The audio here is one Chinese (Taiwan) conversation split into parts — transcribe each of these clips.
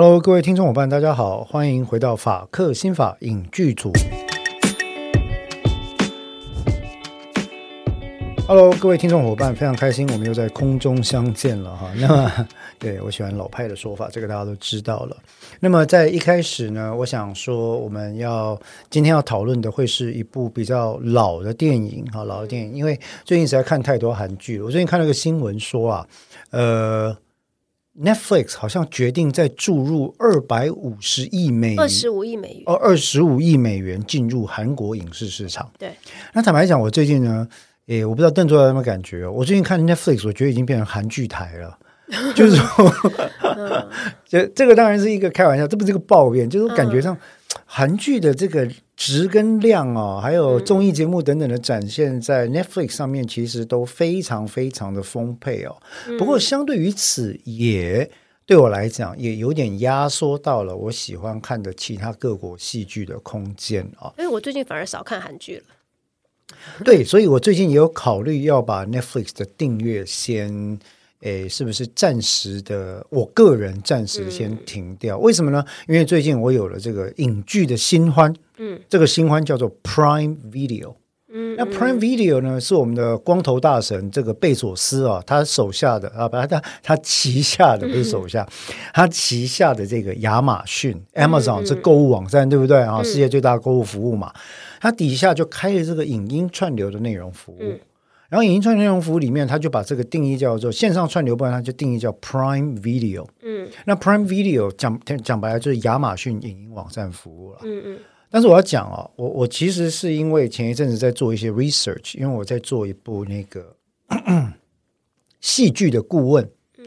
Hello，各位聽眾夥伴，大家好，歡迎回到法克新法影劇組。Hello，各位聽眾夥伴，非常開心，我們又在空中相見了哈。那麼，對，我喜歡老派的說法，這個大家都知道了。那麼，在一開始呢，我想說，我們要，今天要討論的會是一部比較老的電影哈，老的電影，因為最近實在看太多韓劇了。我最近看了個新聞說啊，呃。Netflix 好像決定再注入二百五十億美元，二十五億美元哦，二十五億美元進入韓國影視市場。對，那坦白講，我最近呢，誒、欸，我不知道鄧作家有沒有感覺，我最近看 Netflix，我覺得已經變成韓劇台了。 就是說、嗯，這 這個當然是一個開玩笑，這不是一個抱怨，就是感覺上，韓劇的這個質跟量啊、哦，還有綜藝節目等等的展現，在 Netflix 上面其實都非常非常的豐沛哦。不過，相對於此，也對我來講，也有點壓縮到了我喜歡看的其他各國戲劇的空間啊、哦。因為我最近反而少看韓劇了。 對，所以我最近也有考慮要把 Netflix 的訂閱先。誒，是不是暫時的？我個人暫時先停掉。嗯、為什麼呢？因為最近我有了這個影劇的新歡，嗯，這個新歡叫做 Prime Video，嗯，嗯那 Prime Video 呢是我們的光頭大神這個貝索斯啊、哦，他手下的啊，把他他,他旗下的不是手下，嗯、他旗下的這個亞馬遜、嗯、Amazon 這購物網站、嗯、對不對啊、哦？世界最大的購物服務嘛，嗯、他底下就開了這個影音串流的內容服務。嗯然後影音串流服務裡面，他就把這個定義叫做線上串流，不然他就定義叫 Prime Video。嗯，那 Prime Video 講講白了就是亞馬遜影音網站服務了、啊嗯。嗯嗯。但是我要講哦，我我其實是因為前一陣子在做一些 research，因為我在做一部那個 戲劇的顧問。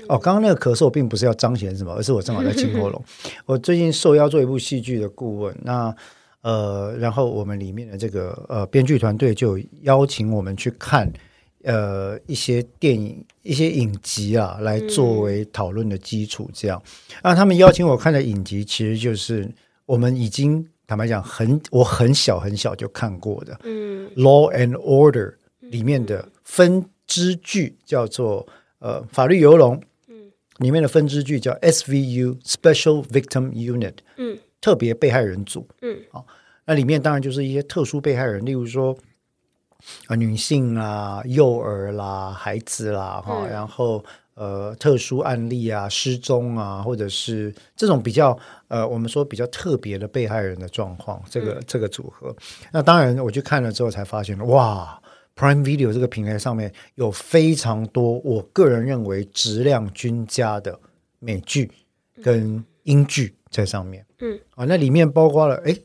哦，剛剛那個咳嗽並不是要彰顯什麼，而是我正好在清喉嚨。嗯、我最近受邀做一部戲劇的顧問，那呃，然後我們裡面的這個呃編劇團隊就邀請我們去看。呃，一些電影、一些影集啊，來作為討論的基礎。這樣，那、嗯啊、他們邀請我看的影集，其實就是我們已經坦白講，很我很小很小就看過的，嗯《Law and Order》裡面的分支劇叫做《呃法律遊龍》，嗯，裡面的分支劇叫 SVU Special Victim Unit，嗯，特別被害人組，嗯，啊，那裡面當然就是一些特殊被害人，例如說。呃、女性啊，幼兒啦，孩子啦，哈、哦，嗯、然後呃，特殊案例啊，失蹤啊，或者是這種比較呃，我們說比較特別的被害人的狀況，這個這個組合。嗯、那當然，我去看了之後，才發現哇，Prime Video 這個平台上面有非常多，我個人認為質量均佳的美劇跟英劇在上面。嗯，啊、哦，那裡面包括了哎。誒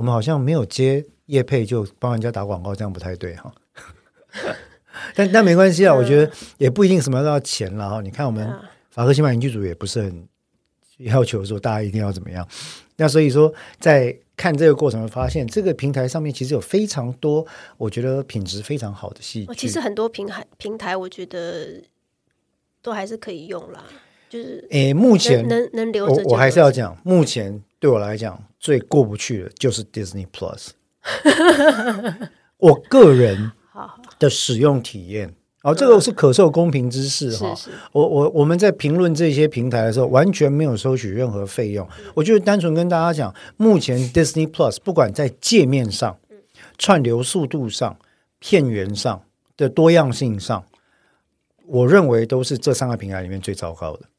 我們好像沒有接業配，就幫人家打廣告，這樣不太對哈。 但但沒關係啊，嗯、我覺得也不一定什麼都要錢了哈。你看，我們法克西馬影劇組也不是很要求說大家一定要怎麼樣。那所以說，在看這個過程，發現這個平台上面其實有非常多，我覺得品質非常好的戲。其實很多平台平台，我覺得都還是可以用啦，就是誒，目前能能留我還是要講、嗯、目前。對我來講，最過不去的就是 Disney Plus。 我個人的使用體驗，啊、哦，這個是可受公平之事哈。我我我們在評論這些平台的時候，完全沒有收取任何費用。嗯、我就是單純跟大家講，目前 Disney Plus 不管在界面上、嗯、串流速度上、片源上的多樣性上，我認為都是這三個平台裡面最糟糕的。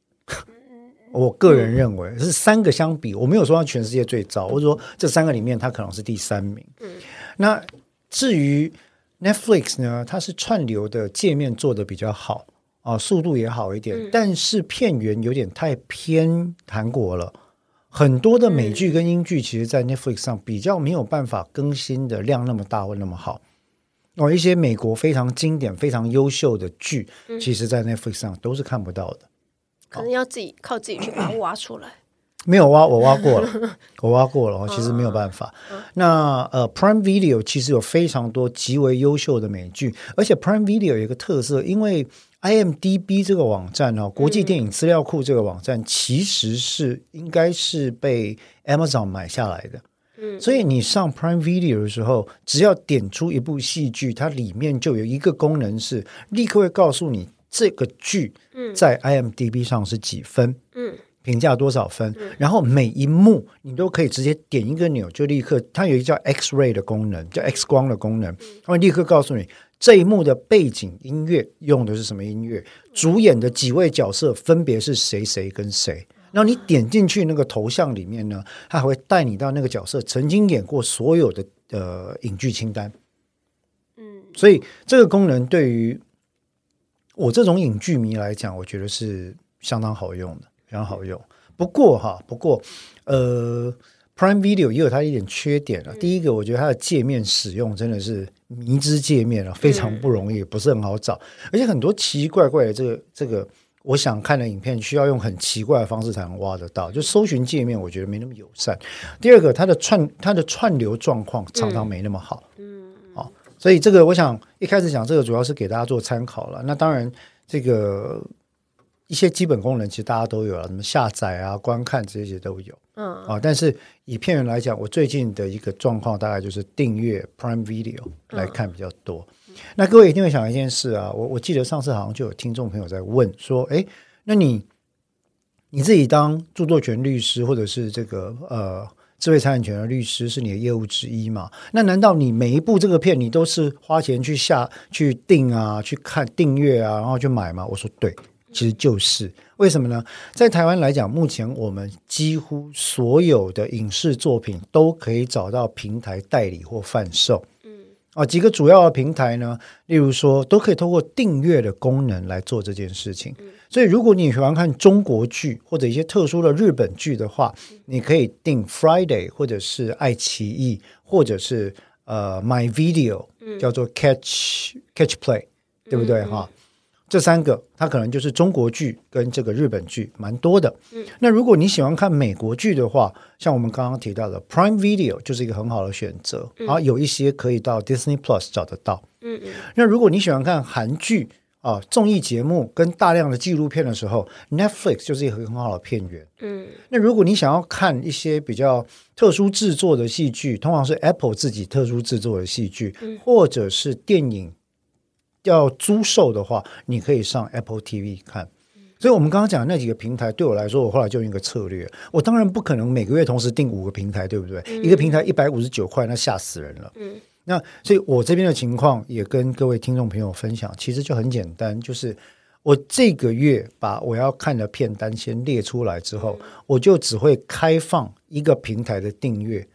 我個人認為是三個相比，嗯、我沒有說它全世界最早，嗯、我就說這三個裡面它可能是第三名。嗯，那至於 Netflix 呢，它是串流的界面做的比較好啊，速度也好一點，嗯、但是片源有點太偏韓國了，嗯、很多的美劇跟英劇其實，在 Netflix 上比較沒有辦法更新的量那麼大，或那麼好。哦、嗯，一些美國非常經典、非常優秀的劇，嗯、其實，在 Netflix 上都是看不到的。可能要自己靠自己去把它挖出來、哦。沒有挖，我挖過了， 我挖過了。其實沒有辦法。嗯、那呃，Prime Video 其實有非常多極為優秀的美劇，而且 Prime Video 有一個特色，因為 IMDB 這個網站哦，國際電影資料庫這個網站其實是、嗯、應該是被 Amazon 買下來的。嗯，所以你上 Prime Video 的時候，只要點出一部戲劇，它裡面就有一個功能是立刻會告訴你。這個劇在 IMDb 上是幾分，嗯，評價多少分？嗯、然後每一幕你都可以直接點一個鈕就立刻，它有一個叫 X Ray 的功能，叫 X 光的功能，它會、嗯、立刻告訴你這一幕的背景音樂用的是什麼音樂，主演的幾位角色分別是誰誰跟誰。嗯、然後你點進去那個頭像裡面呢，它還會帶你到那個角色曾經演過所有的呃影劇清單。嗯，所以這個功能對於我這種影劇迷來講，我覺得是相當好用的，非常好用。不過哈，不過呃，Prime Video 也有它一點缺點啊。嗯、第一個，我覺得它的界面使用真的是迷之界面啊，非常不容易，不是很好找。嗯、而且很多奇奇怪怪的這個這個我想看的影片，需要用很奇怪的方式才能挖得到。就搜尋界面，我覺得沒那麼友善。第二個，它的串它的串流狀況常常沒那麼好。嗯所以這個，我想一開始講這個主要是給大家做參考了。那當然，這個一些基本功能其實大家都有了，什麼下載啊、觀看這些都有。嗯啊，但是以片源來講，我最近的一個狀況大概就是訂閱 Prime Video 來看比較多。嗯、那各位一定會想一件事啊，我我記得上次好像就有聽眾朋友在問說，欸，那你你自己當著作權律師或者是這個呃？智慧財產權的律師是你的業務之一嘛？那難道你每一部這個片，你都是花錢去下去訂啊，去看訂閱啊，然後去買嗎？我說對，其實就是。為什麼呢？在台灣來講，目前我們幾乎所有的影視作品都可以找到平台代理或販售。啊，幾個主要的平台呢，例如說，都可以透過訂閱的功能來做這件事情。嗯、所以，如果你喜歡看中國劇或者一些特殊的日本劇的話，嗯、你可以訂 Friday，或者是愛奇藝，或者是呃 My Video，叫做 Catch、嗯、Catch Play，對不對嗯嗯哈？這三個，它可能就是中國劇跟這個日本劇蠻多的。嗯，那如果你喜歡看美國劇的話，像我們剛剛提到的 Prime Video 就是一個很好的選擇。嗯、啊，然後有一些可以到 Disney Plus 找得到。嗯嗯。那如果你喜歡看韓劇啊、綜藝節目跟大量的紀錄片的時候，Netflix 就是一個很好的片源。嗯。那如果你想要看一些比較特殊製作的戲劇，通常是 Apple 自己特殊製作的戲劇，嗯、或者是電影。要租售的話，你可以上 Apple TV 看。嗯、所以，我們剛剛講的那幾個平台，對我來說，我後來就用一個策略。我當然不可能每個月同時訂五個平台，對不對？嗯、一個平台一百五十九塊，那嚇死人了。嗯，那所以我這邊的情況也跟各位聽眾朋友分享，其實就很簡單，就是我這個月把我要看的片單先列出來之後，嗯、我就只會開放一個平台的訂閱，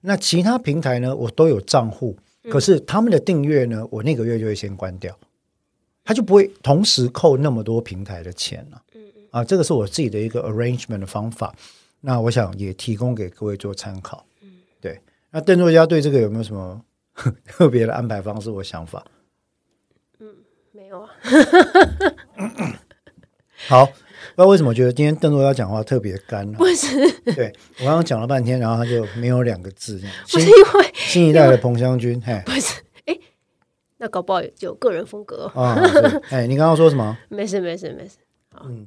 那其他平台呢，我都有賬戶。可是他們的訂閱呢，嗯、我那個月就會先關掉，他就不會同時扣那麼多平台的錢了。嗯，啊，這個是我自己的一個 arrangement 的方法，那我想也提供給各位做參考。嗯，對。那鄧作家對這個有沒有什麼特別的安排方式或想法？嗯，沒有啊、 嗯嗯。好。不知道為什麼覺得今天鄧若要講話特別乾呢？啊，不是對？對我剛剛講了半天，然後他就沒有兩個字不是，因為因為新一代的彭香君，嘿，不是？哎，那搞不好有個人風格啊。哦哦，哎，你剛剛說什麼？沒事，沒事，沒事。嗯，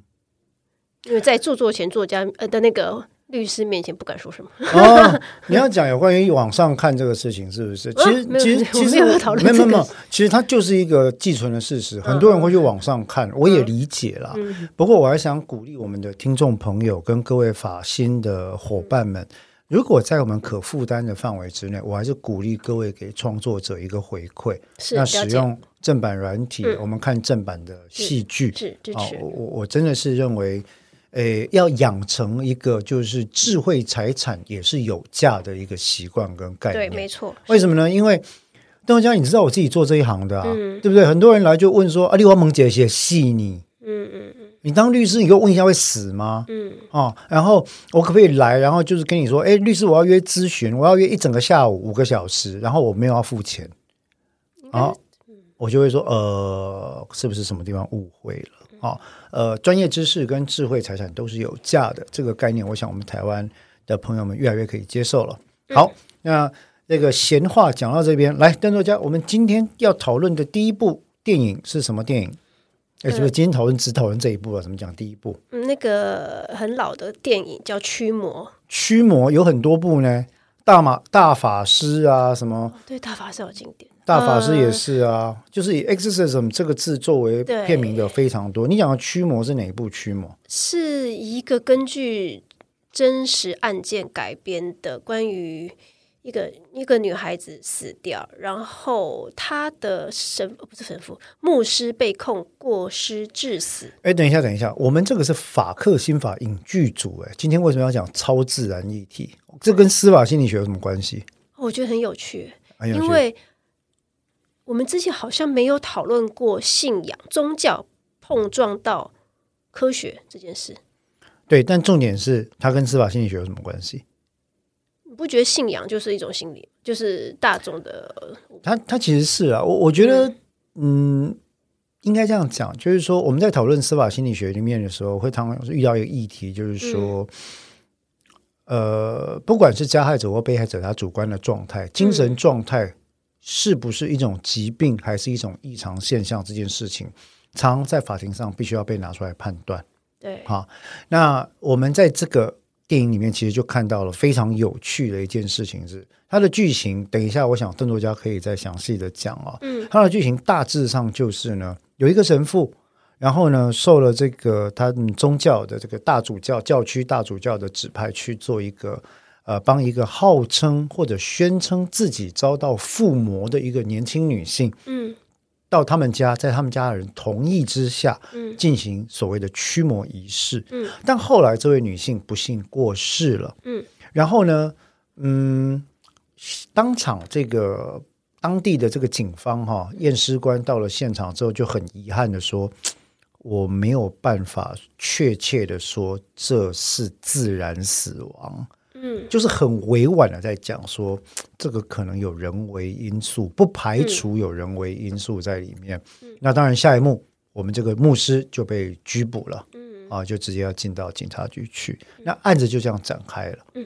因為在著作前作家呃的那個。律師面前不敢說什麼。哦，你要講有關於網上看這個事情是不是？其實其實其實沒有沒有沒有，其實它就是一個既存的事實。很多人會去網上看，我也理解了。不過我還想鼓勵我們的聽眾朋友跟各位法新的夥伴們，如果在我們可負擔的範圍之內，我還是鼓勵各位給創作者一個回饋。那使用正版軟體，我們看正版的戲劇。是，我我真的是認為。誒，要養成一個就是智慧財產也是有價的一個習慣跟概念。對，沒錯。為什麼呢？因為鄧國佳，你知道我自己做這一行的啊，嗯、對不對？很多人來就問說：“啊，麗華萌姐寫細膩。”嗯，嗯嗯。你當律師，你給我問一下會死嗎？嗯啊、哦。然後我可不可以來？然後就是跟你說，哎，律師，我要約諮詢，我要約一整個下午五個小時，然後我沒有要付錢。好，我就會說，呃，是不是什麼地方誤會了？哦，呃，專業知識跟智慧財產都是有價的這個概念，我想我們台灣的朋友們越來越可以接受了。好，嗯、那那個閒話講到這邊，來，鄧作家，我們今天要討論的第一部電影是什麼電影？哎、嗯，是不是今天討論只討論這一部啊？怎麼講第一部？嗯，那個很老的電影叫《驅魔》。驅魔有很多部呢，大馬大法師啊，什麼？對，大法師有經典。大法師也是啊，嗯、就是以 Exorcism 這個字作為片名的非常多。對你講的驅魔是哪一部驅魔？是一個根據真實案件改編的，關於一個一個女孩子死掉，然後她的神不是神父，牧師被控過失致死。哎，等一下，等一下，我們這個是法克心法影劇組，哎，今天為什麼要講超自然議題？這跟司法心理學有什麼關係？嗯、我覺得很有趣，有趣，因為。我們之前好像沒有討論過信仰宗教碰撞到科學這件事。對，但重點是它跟司法心理學有什麼關係？你不覺得信仰就是一種心理，就是大眾的？他它，它其實是啊，我我覺得，嗯，嗯，應該這樣講，就是說我們在討論司法心理學裡面的時候，會常，常遇到一個議題，就是說，嗯、呃，不管是加害者或被害者，他主觀的狀態、精神狀態。嗯是不是一種疾病，還是一種異常現象？這件事情常在法庭上必須要被拿出來判斷。對，好、啊，那我們在這個電影裡面其實就看到了非常有趣的一件事情是，是它的劇情。等一下，我想鄧作家可以再詳細的講啊、哦。嗯，它的劇情大致上就是呢，有一個神父，然後呢，受了這個他宗教的這個大主教教區大主教的指派去做一個。呃，幫一個號稱或者宣稱自己遭到附魔的一個年輕女性，嗯，到他們家，在他們家的人同意之下，嗯，進行所謂的驅魔儀式，嗯，但後來這位女性不幸過世了，嗯，然後呢，嗯，當場這個當地的這個警方哈、哦，驗屍官到了現場之後就很遺憾的說，我沒有辦法確切的說，這是自然死亡。就是很委婉的在講說，這個可能有人為因素，不排除有人為因素在裡面。嗯，那當然，下一幕我們這個牧師就被拘捕了。嗯，啊，就直接要進到警察局去。嗯，那案子就這樣展開了。嗯，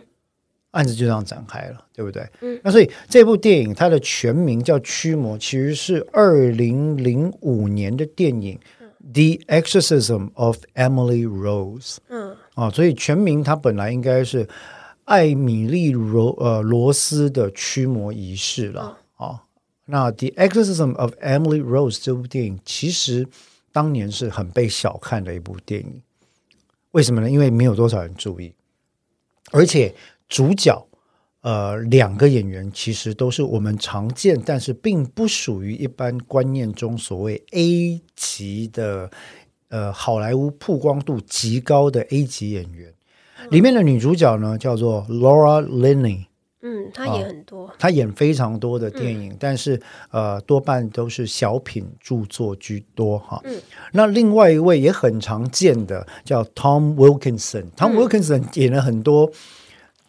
案子就這樣展開了，嗯，對不對？嗯，那所以這部電影它的全名叫《驅魔》，其實是二零零五年的電影《The Exorcism of Emily Rose》。嗯，啊，所以全名它本來應該是。艾米麗羅，呃，羅斯的驅魔儀式了，oh. 啊。那《The Exorcism of Emily Rose》這部電影其實當年是很被小看的一部電影，為什麼呢？因為沒有多少人注意，而且主角呃兩個演員其實都是我們常見，但是並不屬於一般觀念中所謂 A 級的呃好萊塢曝光度極高的 A 級演員。裡面的女主角呢，叫做 Laura Linney，嗯，她演很多，呃，她演非常多的電影，嗯、但是呃，多半都是小品著作居多哈。嗯，那另外一位也很常見的叫 Tom Wilkinson，Tom、嗯、Wilkinson 演了很多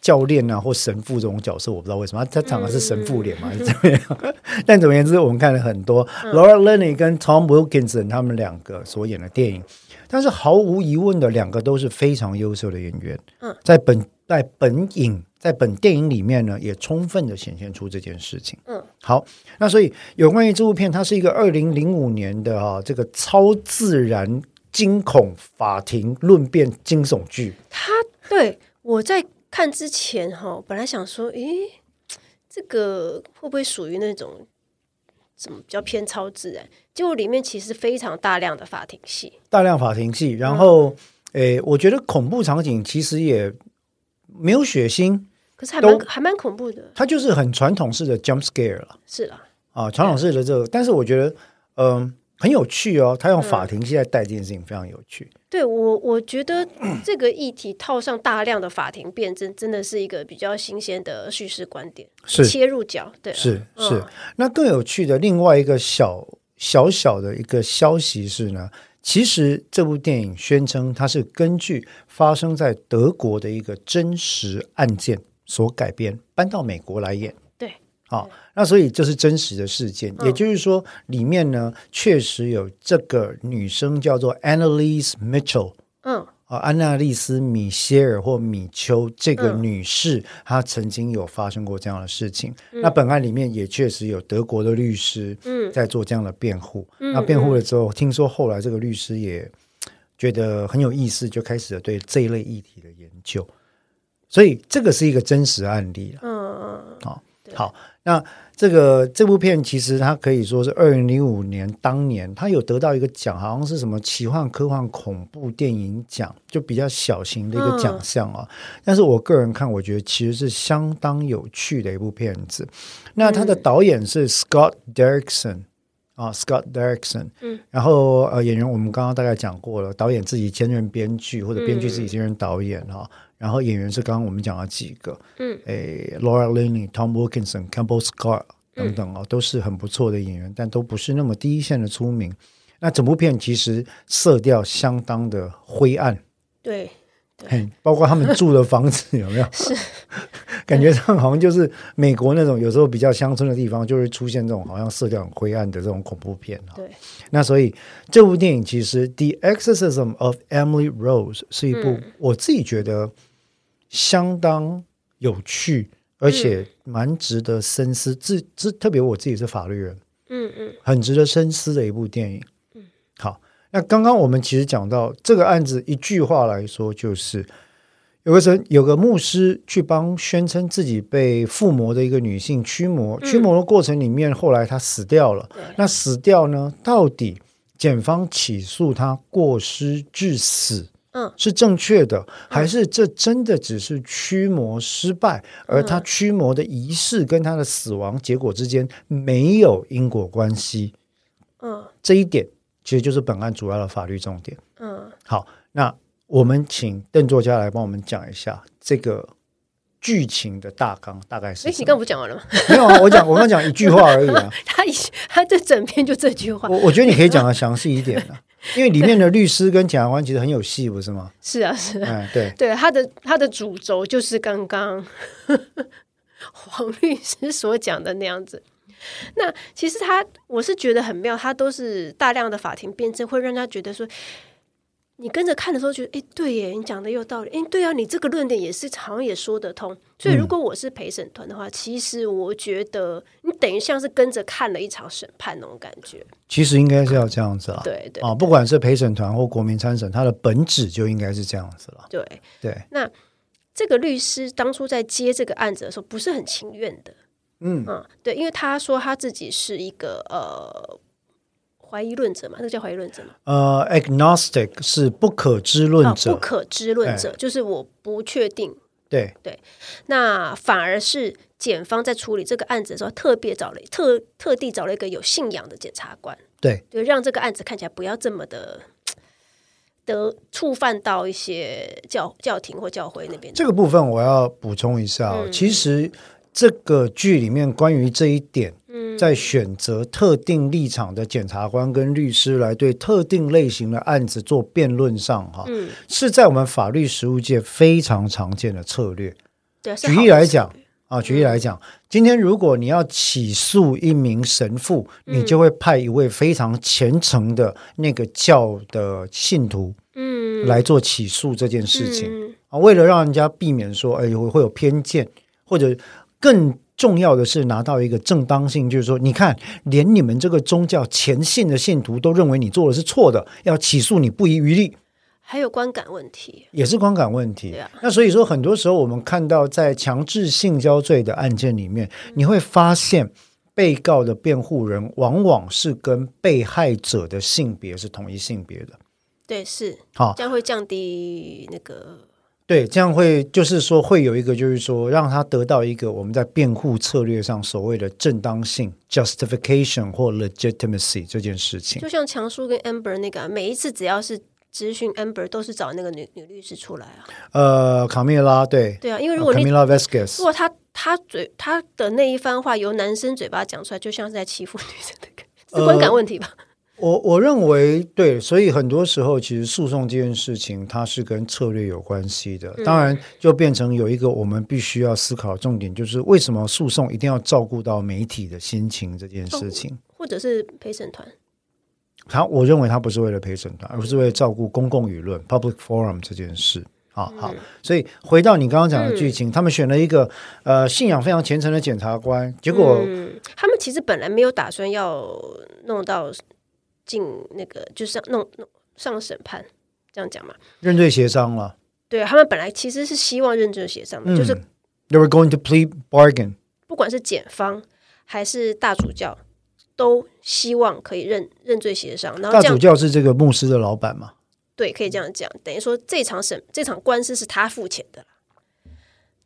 教練啊或神父這種角色，我不知道為什麼他長的是神父臉嘛，是怎麼樣？但總言之，我們看了很多，嗯、Laura Linney 跟 Tom Wilkinson 他們兩個所演的電影。但是毫無疑問的，兩個都是非常優秀的演員。嗯，在在本在本影在本電影裡面呢，也充分的顯現出這件事情。嗯，好，那所以有關於這部片，它是一個二零零五年的哈、啊、這個超自然驚恐法庭論辯驚悚劇。它對我在看之前哈、哦，本來想說，誒，這個會不會屬於那種？什麼比較偏超自然？就裡面其實非常大量的法庭戲，大量法庭戲。然後，嗯、誒，我覺得恐怖場景其實也沒有血腥，可是還蠻都還蠻恐怖的。它就是很傳統式的 jump scare 了，是了、啊。啊，傳統式的這個，嗯、但是我覺得，嗯、呃，很有趣哦。他用法庭現在帶這件事情非常有趣。嗯對我，我覺得這個議題套上大量的法庭辯證，真的是一個比較新鮮的敘事觀點，是切入角。對，是，是是。嗯、那更有趣的另外一個小小小的一個消息是呢，其實這部電影宣稱它是根據發生在德國的一個真實案件所改編，搬到美國來演。好，那所以這是真實的事件，嗯、也就是說裡面呢確實有這個女生叫做 Annalise Mitchell，嗯，啊、呃，安娜麗絲米歇爾或米丘。這個女士，嗯、她曾經有發生過這樣的事情。嗯、那本案裡面也確實有德國的律師，嗯，在做這樣的辯護。嗯嗯、那辯護了之後，聽說後來這個律師也覺得很有意思，就開始對這一類議題的研究。所以這個是一個真實案例，嗯嗯，好，好。那這個這部片其實它可以說是二零零五年當年，它有得到一個獎，好像是什麼奇幻科幻恐怖電影獎，就比較小型的一個獎項啊。哦、但是我個人看，我覺得其實是相當有趣的一部片子。那它的導演是 Scott Derrickson 啊，Scott Derrickson。嗯。啊、son, 嗯。然後呃，演員我們剛剛大概講過了，導演自己兼任編劇或者編劇自己兼任導演啊。嗯。哦。然後演員是剛剛我們講了幾個，嗯，誒，Laura Linney、Tom Wilkinson、Campbell Scott 等等哦，嗯，都是很不錯的演員，但都不是那麼第一線的出名。那整部片其實色調相當的灰暗，對，對，包括他們住的房子 有沒有？是 感覺上好像就是美國那種有時候比較鄉村的地方，就會出現這種好像色調很灰暗的這種恐怖片啊。對，那所以這部電影其實《The Exorcism of Emily Rose》是一部我自己覺得。相當有趣，而且蠻值得深思。嗯、自自特別我自己是法律人，嗯嗯，嗯很值得深思的一部電影。嗯，好。那剛剛我們其實講到這個案子，一句話來說就是，有個神，有個牧師去幫宣稱自己被附魔的一個女性驅魔，驅魔的過程裡面，後來她死掉了。嗯、那死掉呢？到底檢方起訴她過失致死？嗯，是正確的，還是這真的只是驅魔失敗，嗯、而他驅魔的儀式跟他的死亡結果之間沒有因果關係？嗯，這一點其實就是本案主要的法律重點。嗯，好，那我們請鄧作家來幫我們講一下這個劇情的大綱，大概是？你剛剛不講完了嗎？ 沒有、啊，我講，我剛講一句話而已啊。他他這整篇就這句話，我我覺得你可以講的詳細一點、啊 因為裡面的律師跟檢察官其實很有戲，不是嗎？ 是啊，是啊，嗯、對，對，他的他的主軸就是剛剛呵呵黃律師所講的那樣子。那其實他我是覺得很妙，他都是大量的法庭辯證，會讓他覺得說，你跟着看的時候覺得，誒，對耶，你講的有道理。誒，對啊，你這個論點也是好像也說得通。所以如果我是陪審團的話，嗯、其實我覺得。等於像是跟着看了一場審判那種感覺，其實應該是要這樣子啊，嗯、對對啊，不管是陪審團或國民參審，它的本質就應該是這樣子了。對對，對，那這個律師當初在接這個案子的時候不是很情願的，嗯嗯、啊，對，因為他說他自己是一個呃懷疑論者嘛，那叫懷疑論者嗎？呃，agnostic 是不可知論者，啊、不可知論者對就是我不確定。對對，那反而是。檢方在處理這個案子的時候，特別找了特特地找了一個有信仰的檢察官，對，就讓這個案子看起來不要這麼的的觸犯到一些教教廷或教會那邊。這個部分我要補充一下、哦，嗯、其實這個劇裡面關於這一點，嗯、在選擇特定立場的檢察官跟律師來對特定類型的案子做辯論上、哦，哈、嗯，是在我們法律實務界非常常見的策略。對啊、舉例來講。啊，舉例來講，今天如果你要起訴一名神父，嗯、你就會派一位非常虔誠的那個教的信徒，嗯，來做起訴這件事情、嗯嗯啊、為了讓人家避免說，哎，會有偏見，或者更重要的是拿到一個正當性，就是說，你看，連你們這個宗教虔信的信徒都認為你做的是錯的，要起訴你不遺餘力。還有觀感問題，也是觀感問題。嗯啊、那所以說，很多時候我們看到在強制性交罪的案件裡面，嗯、你會發現被告的辯護人往往是跟被害者的性別是同一性別的。對，是好，這樣會降低那個。哦、對，這樣會就是說會有一個就是說讓他得到一個我們在辯護策略上所謂的正當性 （justification） 或 legitimacy 這件事情。就像強叔跟 Amber 那個、啊，每一次只要是。諮詢 Amber 都是找那個女女律師出來啊。呃，卡米拉，對，對啊，因為如果卡米拉 Vasquez，如果他他嘴他的那一番話由男生嘴巴講出來，就像是在欺負女生的感、那、覺、個，觀感問題吧。呃、我我認為對，所以很多時候其實訴訟這件事情，它是跟策略有關係的。嗯、當然就變成有一個我們必須要思考重點，就是為什麼訴訟一定要照顧到媒體的心情這件事情，哦、或者是陪審團。他我認為他不是為了陪審團，而是為了照顧公共輿論 public forum 這件事啊，好，嗯、好，所以回到你剛剛講的劇情，嗯、他們選了一個呃信仰非常虔誠的檢察官，結果、嗯、他們其實本來沒有打算要弄到進那個，就是弄弄上審判，這樣講嘛？認罪協商了，對他們本來其實是希望認罪協商的，嗯、就是 they were going to plea bargain，不管是檢方還是大主教，都希望可以認認罪協商。然後大主教是這個牧師的老板嗎？對，可以這樣講，等於說這場審這場官司是他付錢的，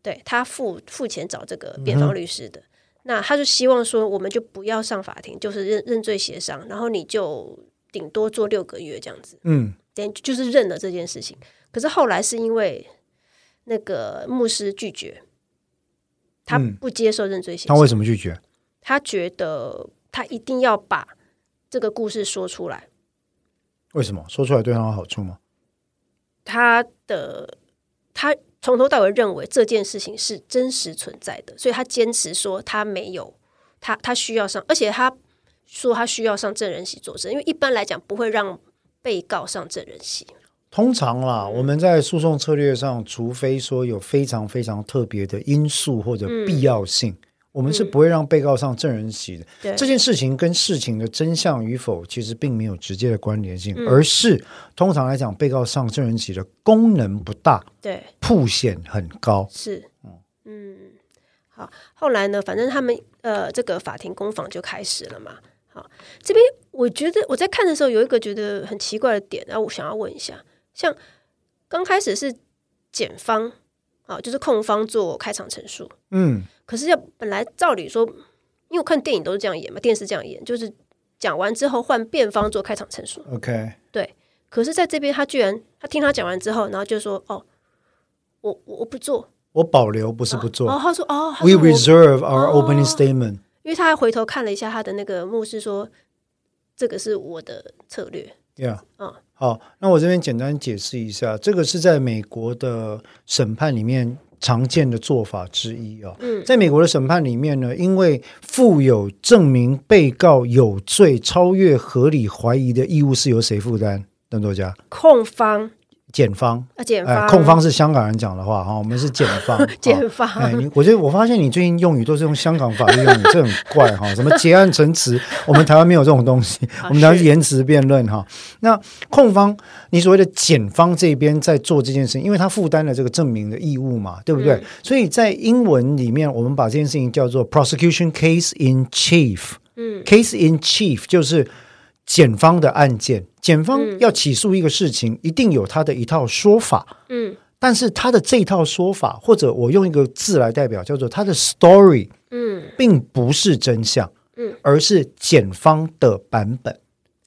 對他付付錢找這個辯方律師的。嗯哼。那他就希望說，我們就不要上法庭，就是認認罪協商，然後你就頂多做六個月這樣子。嗯，等於就是認了這件事情。可是後來是因為那個牧師拒絕，他不接受認罪協、嗯。他為什麼拒絕？他覺得。他一定要把這個故事說出來。為什麼說出來對他有好處嗎？他的，他從頭到尾認為這件事情是真實存在的，所以他堅持說他沒有他他需要上，而且他說他需要上證人席作證，因為一般來講不會讓被告上證人席。通常啦，我們在訴訟策略上，除非說有非常非常特別的因素或者必要性。嗯我們是不會讓被告上證人席的。嗯、這件事情跟事情的真相與否對其實並沒有直接的關聯性，嗯，而是通常來講，被告上證人席的功能不大，對，風險很高。是，嗯嗯，好。後來呢，反正他們呃，這個法庭攻防就開始了嘛。好，這邊我覺得我在看的時候有一個覺得很奇怪的點，然、啊、後我想要問一下，像剛開始是檢方啊，就是控方做開場陳述。嗯，可是要本來照理說，因為我看電影都是這樣演嘛，電視這樣演，就是講完之後換辯方做開場陳述。OK，對。可是在這邊，他居然他聽他講完之後，然後就說：“哦，我我我不做，我保留，不是不做。啊”哦，他說：“哦，他說我，We reserve our opening statement。哦”因為他還回頭看了一下他的那個牧師，說：“這個是我的策略。”Yeah，嗯，好，那我這邊簡單解釋一下，這個是在美國的審判裡面。常見的做法之一啊、哦，在美國的審判裡面呢，因為負有證明被告有罪超越合理懷疑的義務是由誰負擔？鄧作家控方。檢方啊，檢、呃、控方是香港人講的話哈，我們是檢方。檢 方、哦欸你，我覺得我發現你最近用語都是用香港法律用語， 這很怪哈。什麼結案陳詞， 我們台灣沒有這種東西， 我們叫言辭辯論哈。啊、那控方，你所謂的檢方這邊在做這件事情，因為他負擔了這個證明的義務嘛，對不對？嗯、所以在英文裡面，我們把這件事情叫做 prosecution case in chief 嗯。嗯，case in chief 就是。檢方的案件，檢方要起訴一個事情，嗯、一定有他的一套說法。嗯，但是他的這一套說法，或者我用一個字來代表，叫做他的 story。嗯，並不是真相。嗯，而是檢方的版本。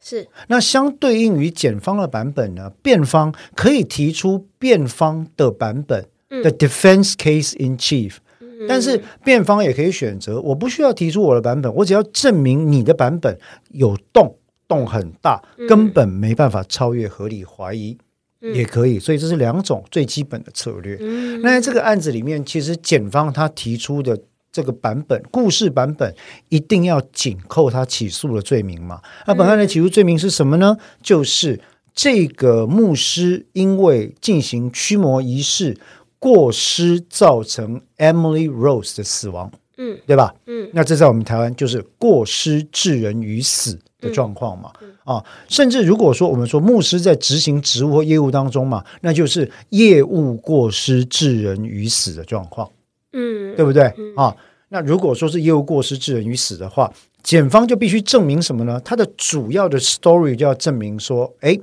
是。那相對應於檢方的版本呢，辯方可以提出辯方的版本、嗯、The defense case in chief 嗯哼。嗯。但是辯方也可以選擇，我不需要提出我的版本，我只要證明你的版本有洞洞很大，根本沒辦法超越合理懷疑，嗯、也可以。所以這是兩種最基本的策略。嗯、那在這個案子裡面，其實檢方他提出的這個版本、故事版本，一定要緊釦他起訴的罪名嘛？嗯、那本案的起訴罪名是什麼呢？就是這個牧師因為進行驅魔儀式過失，造成 Emily Rose 的死亡。嗯，對吧？嗯，嗯，那這在我們台灣就是過失致人於死的狀況嘛、嗯。嗯、啊，甚至如果說我們說牧師在執行職務或業務當中嘛，那就是業務過失致人於死的狀況。嗯，對不對？嗯嗯、啊，那如果說是業務過失致人於死的話，檢方就必須證明什麼呢？他的主要的 story 就要證明說，哎、欸，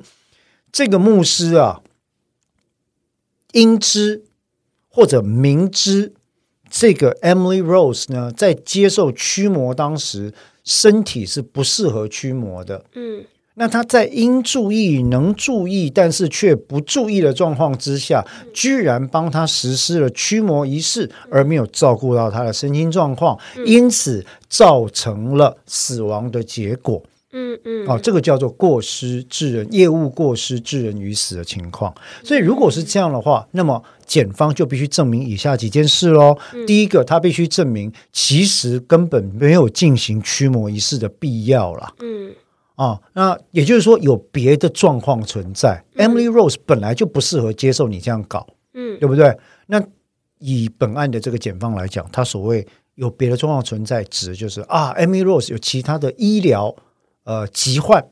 這個牧師啊，應知或者明知。這個 Emily Rose 呢，在接受驅魔當時，身體是不適合驅魔的。嗯，那他在應注意，能注意，但是卻不注意的狀況之下，居然幫她實施了驅魔儀式，而沒有照顧到她的身心狀況，因此造成了死亡的結果。嗯嗯，哦、嗯啊，這個叫做過失致人，業務過失致人於死的情況。所以如果是這樣的話，嗯、那麼檢方就必須證明以下幾件事嘍。嗯、第一個，他必須證明其實根本沒有進行驅魔儀式的必要了。嗯，啊，那也就是說有別的狀況存在。嗯、Emily Rose 本來就不適合接受你這樣搞，嗯，對不對？那以本案的這個檢方來講，他所謂有別的狀況存在，指的就是啊，Emily Rose 有其他的醫療。呃，疾患，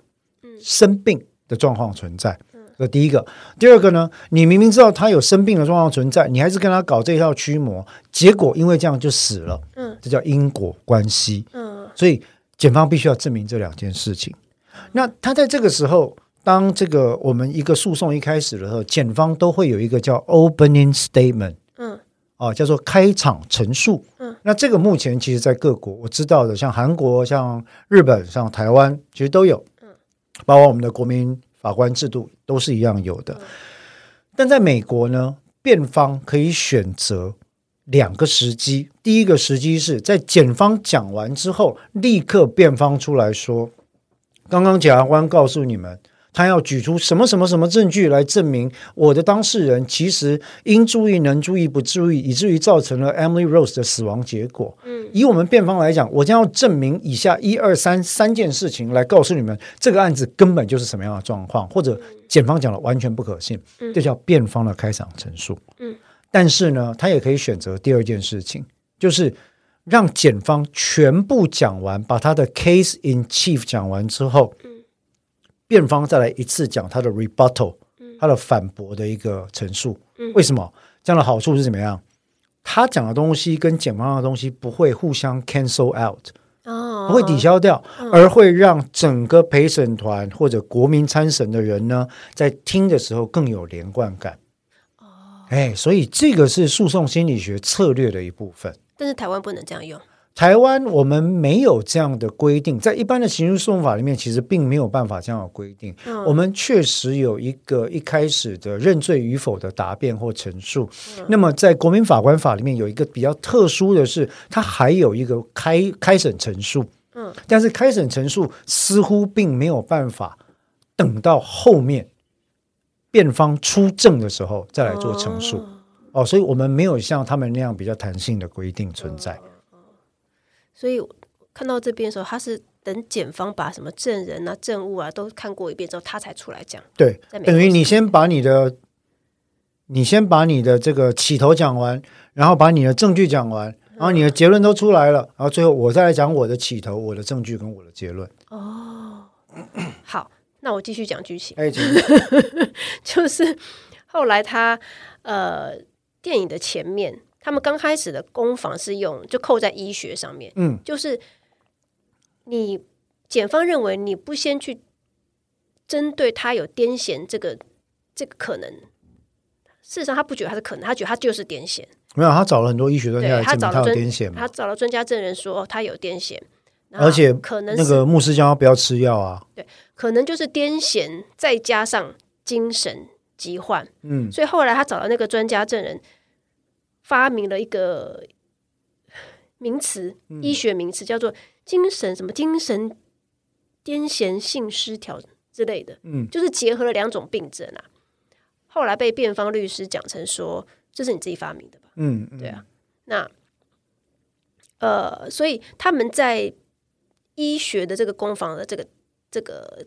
嗯，生病的狀況存在，嗯，這第一個。第二個呢？你明明知道他有生病的狀況存在，你還是跟他搞這套驅魔，結果因為這樣就死了。嗯，這叫因果關係。嗯，所以檢方必須要證明這兩件事情。那他在這個時候，當這個我們一個訴訟一開始的時候，檢方都會有一個叫 opening statement。啊、哦，叫做開場陳述。嗯，那這個目前其實，在各國我知道的，像韓國、像日本、像台灣，其實都有。嗯，包括我們的國民法官制度都是一樣有的。嗯、但在美國呢，辯方可以選擇兩個時機，第一個時機是在檢方講完之後，立刻辯方出來說：“剛剛檢察官告訴你們。”他要舉出什麼什麼什麼證據來證明我的當事人其實應注意能注意不注意，以至於造成了 Emily Rose 的死亡結果。嗯，以我們辯方來講，我將要證明以下一二三三件事情，來告訴你們這個案子根本就是什麼樣的狀況，或者檢方講的完全不可信。這，嗯，叫辯方的開場陳述。嗯，但是呢，他也可以選擇第二件事情，就是讓檢方全部講完，把他的 case in chief 講完之後。辯方再來一次講他的 rebuttal，他的反駁的一個陳述。嗯、為什麼？這樣的好處是怎麼樣？他講的東西跟檢方的東西不會互相 cancel out，、哦、不會抵消掉，嗯、而會讓整個陪審團或者國民參審的人呢，在聽的時候更有連貫感。哦，哎，所以這個是訴訟心理學策略的一部分。但是台灣不能這樣用。台灣我們沒有這樣的規定，在一般的刑事訴訟法裡面，其實並沒有辦法這樣的規定。嗯、我們確實有一個一開始的認罪與否的答辯或陳述。嗯、那麼在國民法官法裡面有一個比較特殊的是，它還有一個開開審陳述。嗯，但是開審陳述似乎並沒有辦法等到後面辯方出證的時候再來做陳述。嗯、哦，所以我們沒有像他們那樣比較彈性的規定存在。嗯所以看到這邊的時候，他是等檢方把什麼證人啊、證物啊都看過一遍之後，他才出來講。對，等於你先把你的，你先把你的這個起頭講完，然後把你的證據講完，然後你的結論都出來了，嗯、然後最後我再來講我的起頭、我的證據跟我的結論。哦，嗯、 好，那我繼續講劇情。哎，Hey, 就是後來他呃，電影的前面。他們剛開始的攻防是用就扣在醫學上面，嗯，就是你檢方認為你不先去針對他有癲癇這個這個可能，事實上他不覺得他是可能，他覺得他就是癲癇。沒有，他找了很多醫學專家，他找到癲癇，他找了專家證人說他有癲癇，而且可能那個牧師叫他不要吃藥啊。對，可能就是癲癇再加上精神疾患，嗯，所以後來他找到那個專家證人。發明了一個名詞，醫學名詞叫做“精神什麼精神癲癇性失調”之類的，嗯，就是結合了兩種病症啊。後來被辯方律師講成說：“這是你自己發明的吧？”嗯，嗯對啊。那呃，所以他們在醫學的這個攻防的這個這個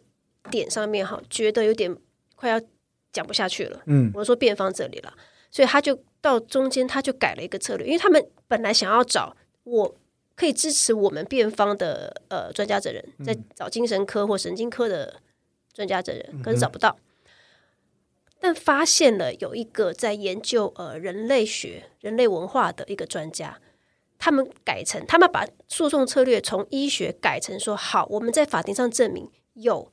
點上面，哈，覺得有點快要講不下去了。嗯，我說辯方這裡了，所以他就。到中間，他就改了一個策略，因為他們本來想要找我可以支持我們辯方的呃專家證人，在找精神科或神經科的專家證人，嗯、可是找不到。但發現了有一個在研究呃人類學、人類文化的一個專家，他們改成，他們把訴訟策略從醫學改成說，好，我們在法庭上證明有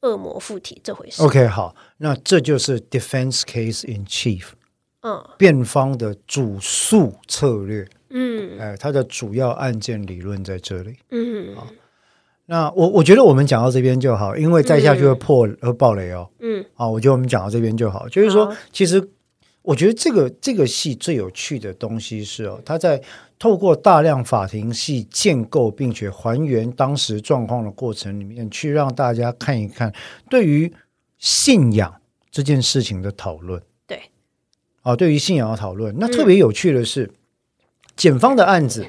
惡魔附體這回事。OK，好，那這就是 defense case in chief。辯方的主訴策略，嗯，哎，他的主要案件理論在這裡，嗯，啊，那我我覺得我們講到這邊就好，因為再下去會破會爆雷哦，嗯，啊，我覺得我們講到這邊就好，嗯、就是說，好其實我覺得這個這個戲最有趣的東西是哦，它在透過大量法庭戲建構並且還原當時狀況的過程裡面，去讓大家看一看對於信仰這件事情的討論。啊，對於信仰的討論，那特別有趣的是，嗯、檢方的案子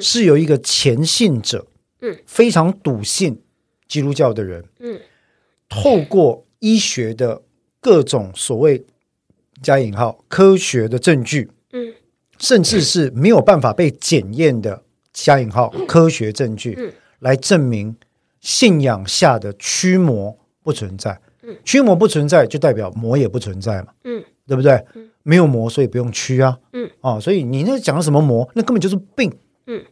是由一個虔信者，嗯、非常篤信基督教的人，嗯、透過醫學的各種所謂加引號科學的證據，嗯、甚至是沒有辦法被檢驗的加引號科學證據，來證明信仰下的驅魔不存在，驅魔不存在就代表魔也不存在嘛，嗯、對不對？沒有魔，所以不用驅啊。嗯，哦，所以你那講的什麼魔，那根本就是病。嗯、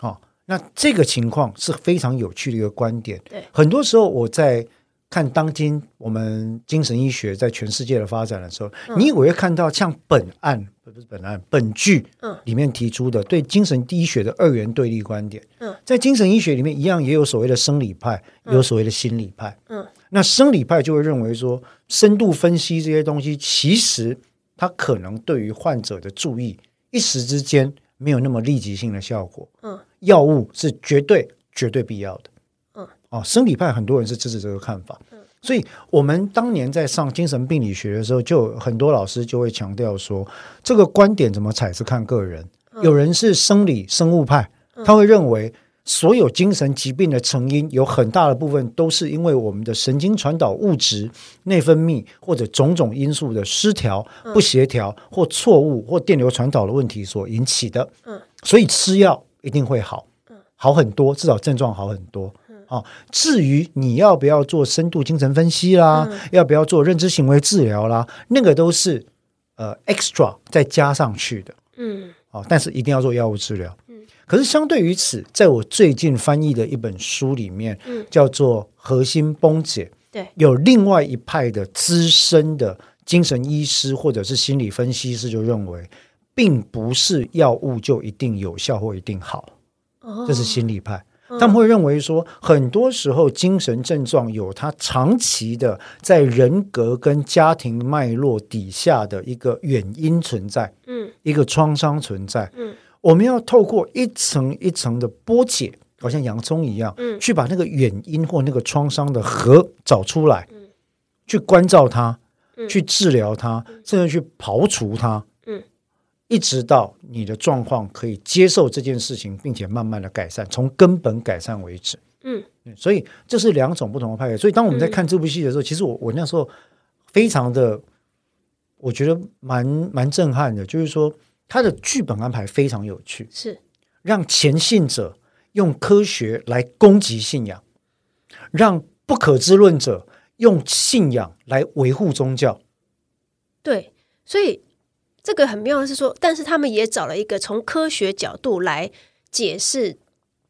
哦，那這個情況是非常有趣的一個觀點。對、嗯，很多時候我在看當今我們精神醫學在全世界的發展的時候，嗯、你也會看到像本案不是本案，本劇裡面提出的對精神醫學的二元對立觀點。嗯，在精神醫學裡面一樣也有所謂的生理派，嗯、也有所謂的心理派。嗯，嗯那生理派就會認為說，深度分析這些東西其實。他可能對於患者的注意一時之間沒有那麼立即性的效果。嗯、藥物是絕對絕對必要的。嗯、哦，生理派很多人是支持這個看法。嗯、所以我們當年在上精神病理學的時候，就有很多老師就會強調說，這個觀點怎麼踩是看個人。嗯、有人是生理生物派，他會認為。所有精神疾病的成因，有很大的部分都是因為我們的神經傳導物質、內分泌或者種種因素的失調、不協調或錯誤或電流傳導的問題所引起的。所以吃藥一定會好，好很多，至少症狀好很多。至於你要不要做深度精神分析啦，嗯、要不要做認知行為治療啦，那個都是呃 extra 再加上去的。嗯，但是一定要做藥物治療。可是，相對於此，在我最近翻譯的一本書裡面，嗯，叫做《核心崩解》，對，有另外一派的資深的精神醫師或者是心理分析師就認為，並不是藥物就一定有效或一定好，哦，這是心理派，他們，嗯，會認為說，很多時候精神症狀有它長期的在人格跟家庭脈絡底下的一個原因存在，嗯，一個創傷存在，嗯。嗯我們要透過一層一層的剝解，好像洋蔥一樣，去把那個原因或那個創傷的核找出來，嗯，去關照它，嗯，去治療它，嗯，甚至去刨除它，嗯，一直到你的狀況可以接受這件事情，並且慢慢的改善，從根本改善為止，嗯，所以這是兩種不同的派別。所以當我們在看這部戲的時候，其實我我那時候非常的，我覺得蠻蠻震撼的，就是說。他的劇本安排非常有趣，是讓虔信者用科學來攻擊信仰，讓不可知論者用信仰來維護宗教。對，所以這個很妙的是說，但是他們也找了一個從科學角度來解釋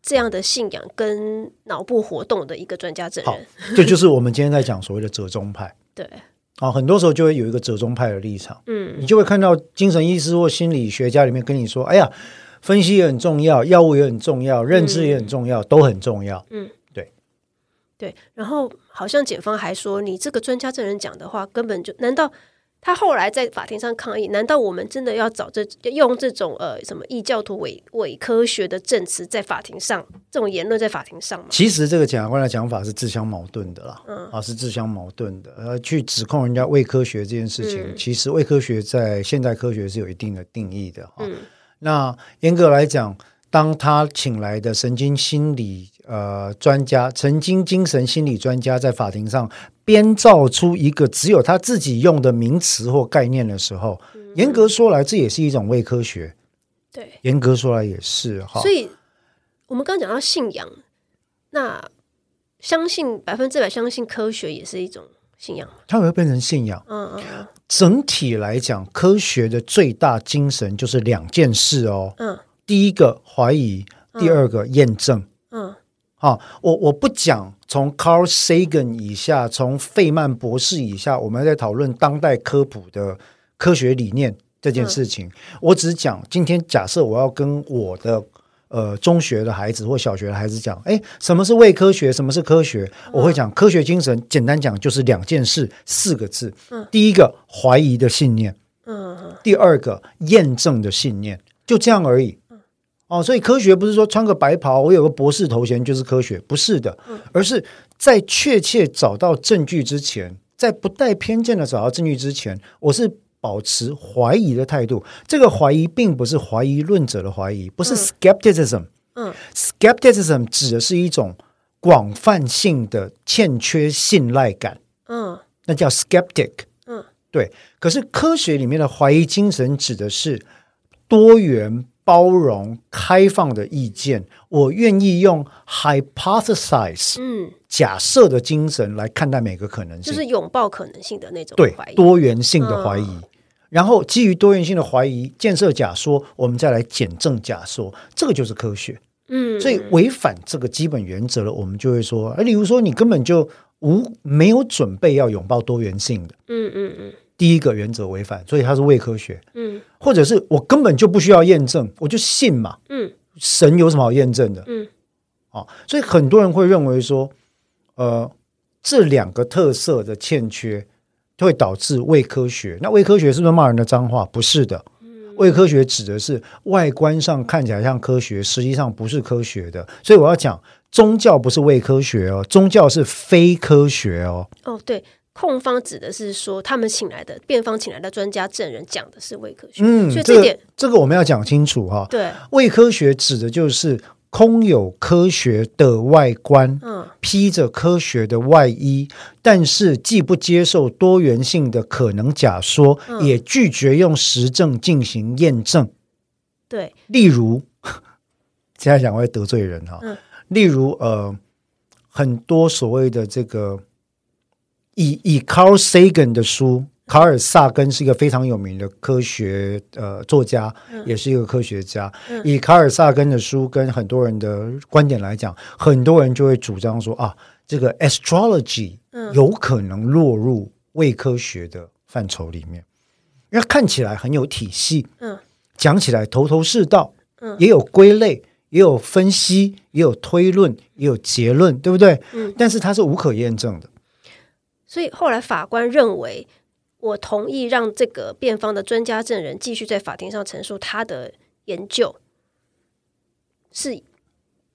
這樣的信仰跟腦部活動的一個專家證人。這就，就是我們今天在講所謂的折中派。 對。啊、哦，很多時候就會有一個折中派的立場。嗯，你就會看到精神醫師或心理學家裡面跟你說：“哎呀，分析也很重要，藥物也很重要，嗯、認知也很重要，都很重要。”嗯，對，對。然後好像檢方還說，你這個專家證人講的話根本就……難道？他後來在法庭上抗議，難道我們真的要找這用這種呃什麼異教徒偽偽科學的證詞在法庭上？這種言論在法庭上嗎？其實這個檢察官的講法是自相矛盾的啦，啊、嗯，是自相矛盾的。而、呃、去指控人家偽科學這件事情，嗯、其實偽科學在現代科學是有一定的定義的哈。嗯、那嚴格來講，當他請來的神經心理。呃，專家曾經精神心理專家在法庭上編造出一個只有他自己用的名詞或概念的時候，嗯、嚴格說來，這也是一種偽科學。對，嚴格說來也是哈。所以，哦、我們剛剛講到信仰，那相信百分之百相信科學也是一種信仰，它會變成信仰。嗯嗯。嗯，整體來講，科學的最大精神就是兩件事哦。嗯。第一個懷疑，第二個驗證。嗯。嗯好、啊，我我不講從 Carl Sagan 以下，從費曼博士以下，我們在討論當代科普的科學理念這件事情。嗯、我只講今天，假設我要跟我的呃中學的孩子或小學的孩子講，哎，什麼是偽科學？什麼是科學？嗯、我會講科學精神，簡單講就是兩件事，四個字。嗯，第一個懷疑的信念，嗯，第二個驗證的信念，就這樣而已。哦，所以科學不是說穿個白袍，我有個博士頭銜就是科學，不是的，嗯，而是在確切找到證據之前，在不帶偏見的找到證據之前，我是保持懷疑的態度。這個懷疑並不是懷疑論者的懷疑，不是 skepticism。嗯。嗯，skepticism 指的是一種廣泛性的欠缺信賴感。嗯，那叫 skeptic。嗯，對。可是科學裡面的懷疑精神指的是多元。包容、開放的意見，我願意用 hypothesis，嗯假設的精神來看待每個可能性，嗯、就是擁抱可能性的那種懷疑，對多元性的懷疑。嗯、然後基於多元性的懷疑，建設假說，我們再來檢證假說，這個就是科學。嗯，所以違反這個基本原則了，我們就會說，例如說你根本就無沒有準備要擁抱多元性的，嗯嗯嗯。嗯嗯第一個原則違反，所以它是偽科學。嗯，或者是我根本就不需要驗證，我就信嘛。嗯，神有什麼好驗證的？嗯，啊、哦，所以很多人會認為說，呃，這兩個特色的欠缺，就會導致偽科學。那偽科學是不是罵人的髒話？不是的，嗯、偽科學指的是外觀上看起來像科學，實際上不是科學的。所以我要講宗教不是偽科學哦，宗教是非科學哦。哦，對。控方指的是說，他們請來的辯方請來的專家證人講的是偽科學。嗯，所以這一點、嗯這個、這個我們要講清楚哈、啊。對，偽科學指的就是空有科學的外觀，嗯，披着科學的外衣，但是既不接受多元性的可能假說，嗯、也拒絕用實證進行驗證。對，例如，其他講會得罪人哈、啊。嗯，例如呃，很多所謂的這個。以以卡 g a n 的書，卡爾薩根是一個非常有名的科學呃作家，嗯、也是一個科學家。嗯、以卡爾薩根的書跟很多人的觀點來講，很多人就會主張說啊，這個 astrology 有可能落入偽科學的範疇裡面。那、嗯、看起來很有體系，嗯，講起來頭頭是道，嗯，也有歸類，也有分析，也有推論，也有結論，對不對？嗯，但是它是無可驗證的。所以後來法官認為，我同意讓這個辯方的專家證人繼續在法庭上陳述他的研究，是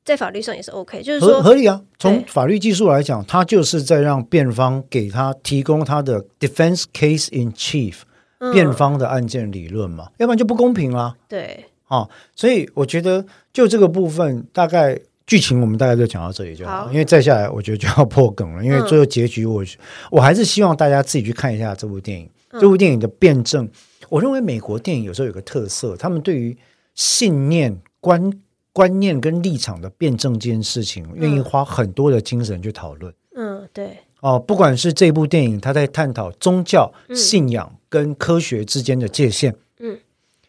在法律上也是 OK，就是說合理啊。從法律技術來講，對他就是在讓辯方給他提供他的 defense case in chief，辯方的案件理論嘛，嗯、要不然就不公平了。對啊、哦，所以我覺得就這個部分大概。劇情我們大概就講到這裡就好，好，因為再下來我覺得就要破梗了，嗯、因為最後結局我我還是希望大家自己去看一下這部電影。嗯、這部電影的辯證，我認為美國電影有時候有個特色，他們對於信念、觀觀念跟立場的辯證這件事情，嗯、願意花很多的精神去討論。嗯，對。哦、呃，不管是這部電影，他在探討宗教、嗯、信仰跟科學之間的界限。嗯。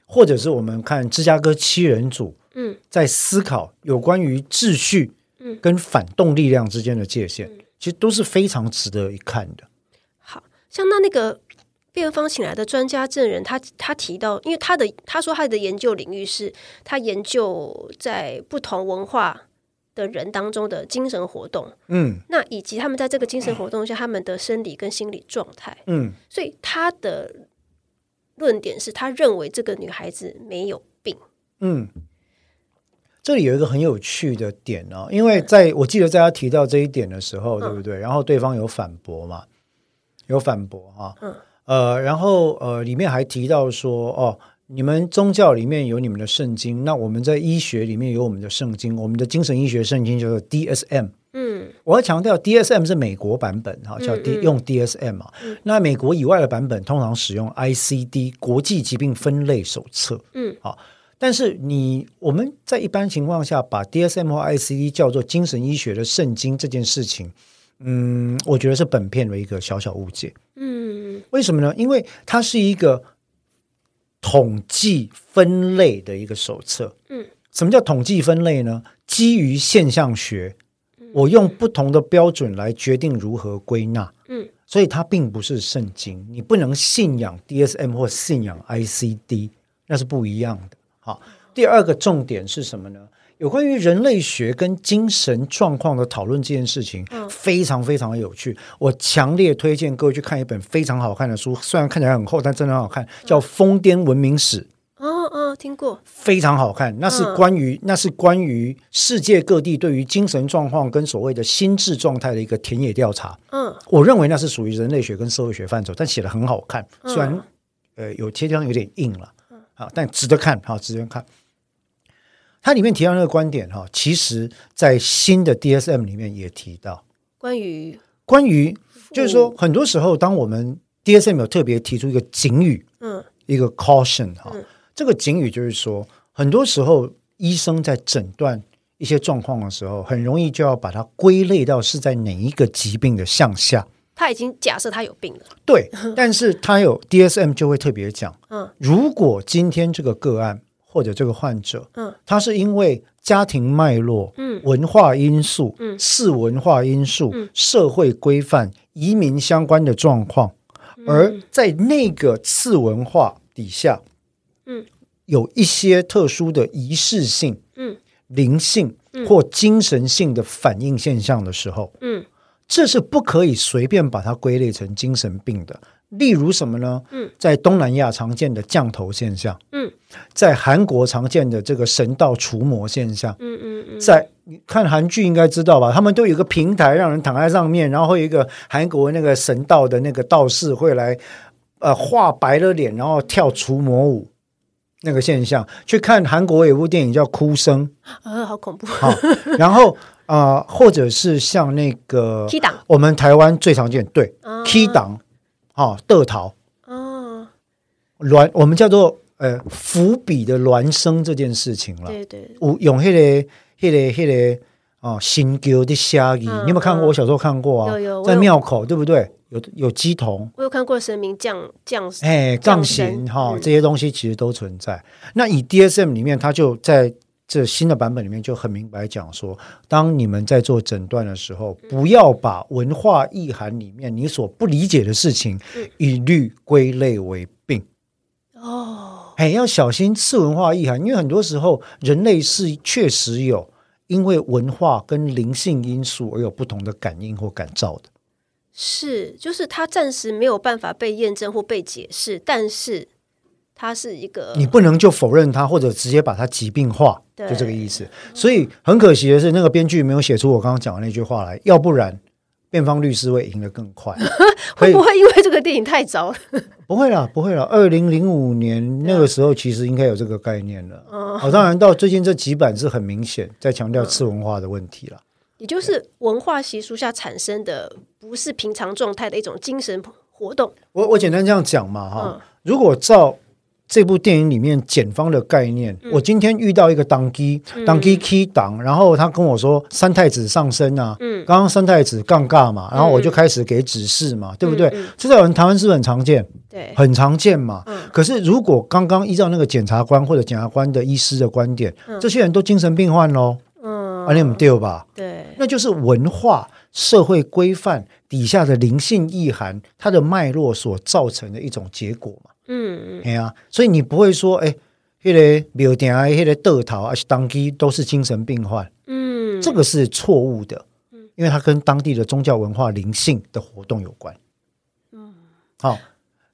或者是我們看芝加哥七人組。嗯，在思考有關於秩序，嗯，跟反動力量之間的界限，嗯嗯、其實都是非常值得一看的。好，像那那個辯方請來的專家證人，他他提到，因為他的他說他的研究領域是他研究在不同文化的人當中的精神活動，嗯，那以及他們在這個精神活動下他們的生理跟心理狀態，嗯，所以他的論點是他認為這個女孩子沒有病，嗯。這裡有一個很有趣的點哦、啊，因為在我記得大家提到這一點的時候，對不對？然後對方有反駁嘛？有反駁啊？呃，然後呃，裡面還提到說哦，你們宗教裡面有你們的聖經，那我們在醫學裡面有我們的聖經，我們的精神醫學聖經叫做 DSM。嗯。我要強調 DSM 是美國版本哈、啊，叫、D、用 DSM、啊。那美國以外的版本通常使用 ICD 國際疾病分類手冊。嗯。好。但是你我們在一般情況下把 DSM 或 ICD 叫做精神醫學的聖經這件事情，嗯，我覺得是本片的一個小小誤解。嗯，為什麼呢？因為它是一個統計分類的一個手冊。嗯，什麼叫統計分類呢？基於現象學，我用不同的標準來決定如何歸納。嗯，所以它並不是聖經，你不能信仰 DSM 或信仰 ICD，那是不一樣的。好，第二個重點是什麼呢？有關於人類學跟精神狀況的討論這件事情，嗯、非常非常有趣。我強烈推薦各位去看一本非常好看的書，雖然看起來很厚，但真的很好看，叫《瘋癲文明史》。哦、嗯、哦，聽過，非常好看。那是關於，嗯、那是關於世界各地對於精神狀況跟所謂的心智狀態的一個田野調查。嗯，我認為那是屬於人類學跟社會學範疇，但寫的很好看。雖然呃，有些地方有點硬了。但值得看，好，值得看。它裡面提到那個觀點哈，其實在新的 DSM 裡面也提到關於關於，就是說很多時候，當我們 DSM 有特別提出一個警語，嗯，一個 caution 哈，這個警語就是說，很多時候醫生在診斷一些狀況的時候，很容易就要把它歸類到是在哪一個疾病的項下。他已經假設他有病了。對，但是他有 DSM 就會特別講，嗯，如果今天這個個案或者這個患者，嗯，他是因為家庭脈絡、嗯，文化因素、嗯，次文化因素、嗯，社會規範、移民相關的狀況，嗯，而在那個次文化底下，嗯，有一些特殊的儀式性、嗯，靈性或精神性的反應現象的時候，嗯。這是不可以隨便把它歸類成精神病的。例如什麼呢？嗯，在東南亞常見的降頭現象，嗯，在韓國常見的這個神道除魔現象，嗯嗯嗯，嗯嗯，在你看韓劇應該知道吧？他們都有一個平台，讓人躺在上面，然後會有一個韓國那個神道的那個道士會來，呃，畫白了臉，然後跳除魔舞，那個現象。去看韓國有一部電影叫《哭聲》，啊，好恐怖！好、哦，然後。啊，或者是像那個我們臺灣最常見，對 K 檔啊，得逃啊，孿我們叫做呃附體的孿生這件事情了，對對，我用那個那個那個啊新舊的蝦米，你有沒有看過？我小時候看過啊，在廟口對不對？有有乩童，我有看過神明降降哎降神哈，這些東西其實都存在。那以 DSM 裡面，它就在。這新的版本裡面就很明白講說，當你們在做診斷的時候，不要把文化意涵裡面你所不理解的事情，一律歸類為病。哦、嗯，哎，要小心次文化意涵，因為很多時候人類是確實有因為文化跟靈性因素而有不同的感應或感召的。是，就是它暫時沒有辦法被驗證或被解釋，是，但是。它是一個，你不能就否認它，或者直接把它疾病化，對就這個意思。所以很可惜的是，嗯、那個編劇沒有寫出我剛剛講的那句話來，要不然辯方律師會贏得更快。會呵以不會因為這個電影太早了？不會啦，不會啦。二零零五年那個時候，其實應該有這個概念了。嗯、哦，當然到最近這幾版是很明顯在強調次文化的問題了，嗯、對也就是文化習俗下產生的不是平常狀態的一種精神活動。我我簡單這樣講嘛哈，嗯、如果照。這部電影裡面檢方的概念，我今天遇到一個乩童，乩童起乩，然後他跟我說三太子上身啊，嗯，剛剛三太子尷尬嘛，然後我就開始給指示嘛，對不對？這在我們台灣是不是很常見？對，很常見嘛。可是如果剛剛依照那個檢察官或者檢察官的醫師的觀點，這些人都精神病患咯嗯啊，你 i 丟 deal 吧，對，那就是文化社會規範底下的靈性意涵，它的脈絡所造成的一種結果嘛。嗯， 對、啊、所以你不會說，哎、欸，迄、那個如點啊，迄、那個德逃，而且當地都是精神病患，嗯， 這個是錯誤的，嗯，因為它跟當地的宗教文化靈性的活動有關，嗯，好，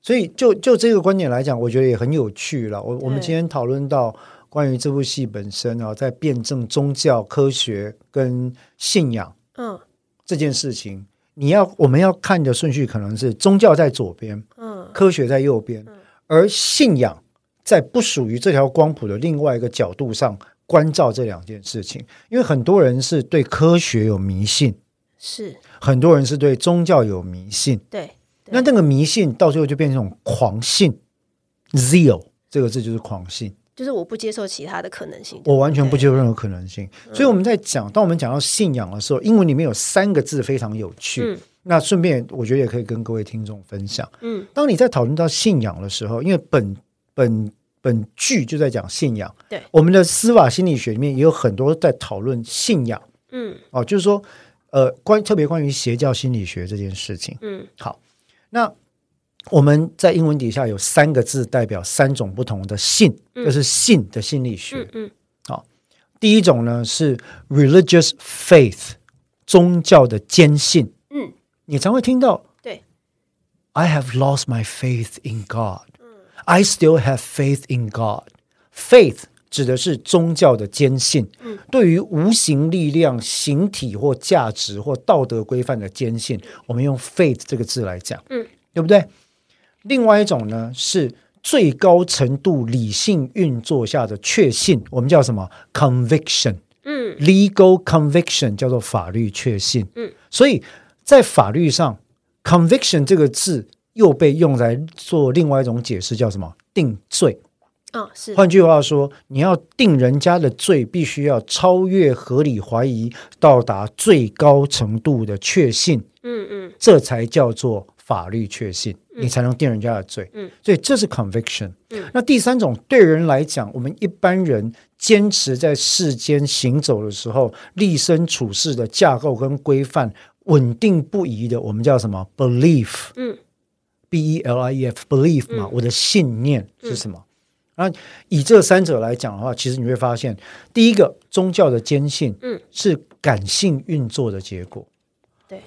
所以就就這個觀點來講，我覺得也很有趣了。我對我們今天討論到關於這部戲本身啊、哦，在辯證宗教、科學跟信仰，嗯，這件事情，嗯、你要我們要看的順序可能是宗教在左邊，嗯，科學在右邊。嗯而信仰，在不屬於這條光譜的另外一個角度上關照這兩件事情，因為很多人是對科學有迷信，是很多人是對宗教有迷信，對。那那個迷信到最後就變成這種狂信，zeal 這個字就是狂信，就是我不接受其他的可能性，我完全不接受任何可能性。所以我們在講，當我們講到信仰的時候，英文裡面有三個字非常有趣。嗯那順便，我覺得也可以跟各位聽眾分享。嗯，當你在討論到信仰的時候，因為本本本劇就在講信仰。對，我們的司法心理學裡面也有很多在討論信仰。嗯，哦，就是說，呃，關特別關於邪教心理學這件事情。嗯，好，那我們在英文底下有三個字代表三種不同的信，嗯、就是信的心理學。嗯，好、嗯哦，第一種呢是 religious faith，宗教的堅信。你常會聽到對，I have lost my faith in God。嗯，I still have faith in God。Faith 指的是宗教的堅信，嗯，對於無形力量、形體或價值或道德規範的堅信，嗯，我們用 faith 這個字來講，嗯，對不對？另外一種呢是最高程度理性運作下的確信，我們叫什麼？conviction，嗯，legal conviction 叫做法律確信，嗯，所以。在法律上，“conviction” 這個字又被用來做另外一種解釋，叫什麼？定罪。嗯、哦，是。換句話說，你要定人家的罪，必須要超越合理懷疑，到達最高程度的確信。嗯嗯，嗯這才叫做法律確信，嗯、你才能定人家的罪。嗯，所以這是 conviction。嗯、那第三種，對人來講，我們一般人堅持在世間行走的時候，立身處世的架構跟規範。穩定不移的，我們叫什麼？belief，嗯，b e l i e f，belief 嘛，嗯、我的信念是什麼？那、嗯、以這三者來講的話，其實你會發現，第一個宗教的堅信，嗯，是感性運作的結果，嗯、對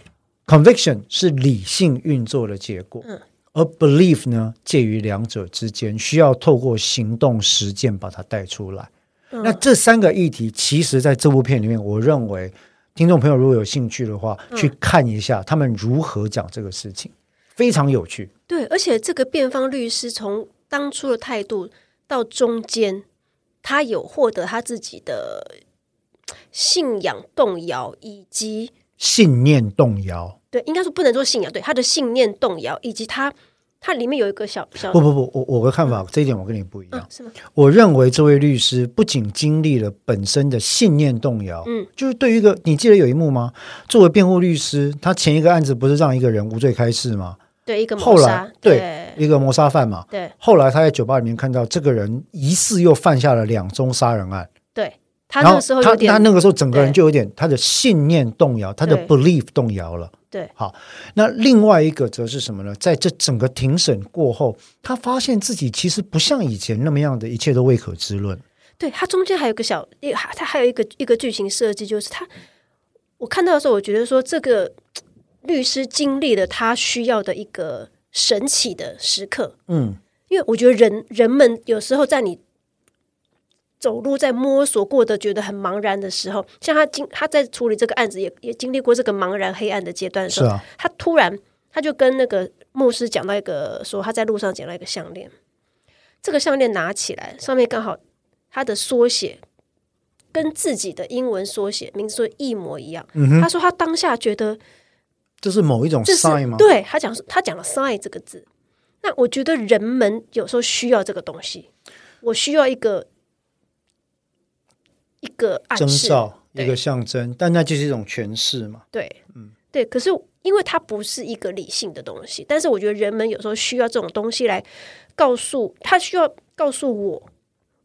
，conviction 是理性運作的結果，嗯，而 belief 呢，介於兩者之間，需要透過行動實踐把它帶出來。嗯、那這三個議題，其實在這部片裡面，我認為。聽眾朋友，如果有興趣的話，嗯，去看一下他們如何講這個事情，非常有趣。對，而且這個辯方律師從當初的態度到中間，他有獲得他自己的信仰動搖，以及信念動搖。對，應該說不能做信仰，對他的信念動搖以及他。它裡面有一個小小不不不，我我的看法，嗯、這一點我跟你不一樣，嗯、是嗎？我認為這位律師不僅經歷了本身的信念動搖，嗯，就是對於一個你記得有一幕嗎？作為辯護律師，他前一個案子不是讓一個人無罪開釋嗎？對，一個謀殺，後來，對，對一個謀殺犯嘛，對。後來他在酒吧裡面看到這個人疑似又犯下了兩宗殺人案，對。那時候有點，然後他他那個時候整個人就有點對他的信念動搖，他的 belief 動搖了對。對，好，那另外一個則是什麼呢？在這整個庭審過後，他發現自己其實不像以前那麼樣，的一切都未可知論。對，他中間還有一個小，還他還有一個一個劇情設計，就是他我看到的時候，我覺得說這個律師經歷了他需要的一個神奇的時刻。嗯，因為我覺得人人們有時候在你。走路在摸索過的，覺得很茫然的時候，像他經他在處理這個案子也，也也經歷過這個茫然黑暗的階段的時候，是啊、他突然他就跟那個牧師講到一個，說他在路上撿到一個項鏈，這個項鏈拿起來上面剛好他的縮寫跟自己的英文縮寫名字說一模一樣。嗯、哼他說他當下覺得這是，這是某一種 sign 嗎？對，他講他講了 sign 這個字，那我覺得人們有時候需要這個東西，我需要一個。一個暗示，徵兆對一個象徵，但那就是一種詮釋嘛。對，嗯，對。可是因為它不是一個理性的東西，但是我覺得人們有時候需要這種東西來告訴他，需要告訴我，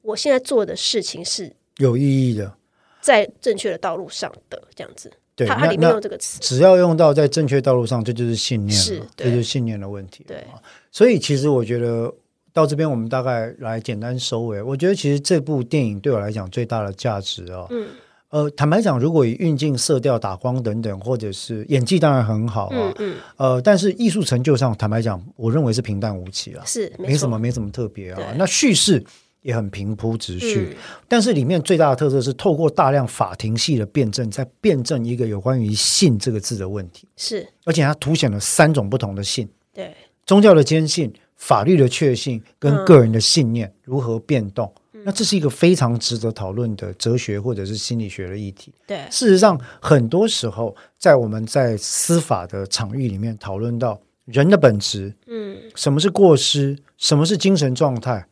我現在做的事情是有意義的，在正確的道路上的這樣子。樣子對，它，那它裡面用這個詞，只要用到在正確道路上，這就，就是信念，是，這就是信念的問題。對，所以其實我覺得。到這邊，我們大概來簡單收尾。我覺得其實這部電影對我來講最大的價值啊、哦，嗯，呃，坦白講，如果以運鏡、色調、打光等等，或者是演技，當然很好啊，嗯，嗯呃，但是藝術成就上，坦白講，我認為是平淡無奇啊，是，沒什麼，沒，錯沒什麼特別啊。對那敘事也很平鋪直敘，嗯、但是裡面最大的特色是透過大量法庭戲的辯證，在辯證一個有關於“信”這個字的問題，是，而且它凸顯了三種不同的信，對，宗教的堅信，法律的確信跟個人的信念如何變動？嗯，那這是一個非常值得討論的哲學或者是心理學的議題。對，事實上，很多時候在我們在司法的場域裡面討論到人的本質，嗯，什麼是過失，什麼是精神狀態，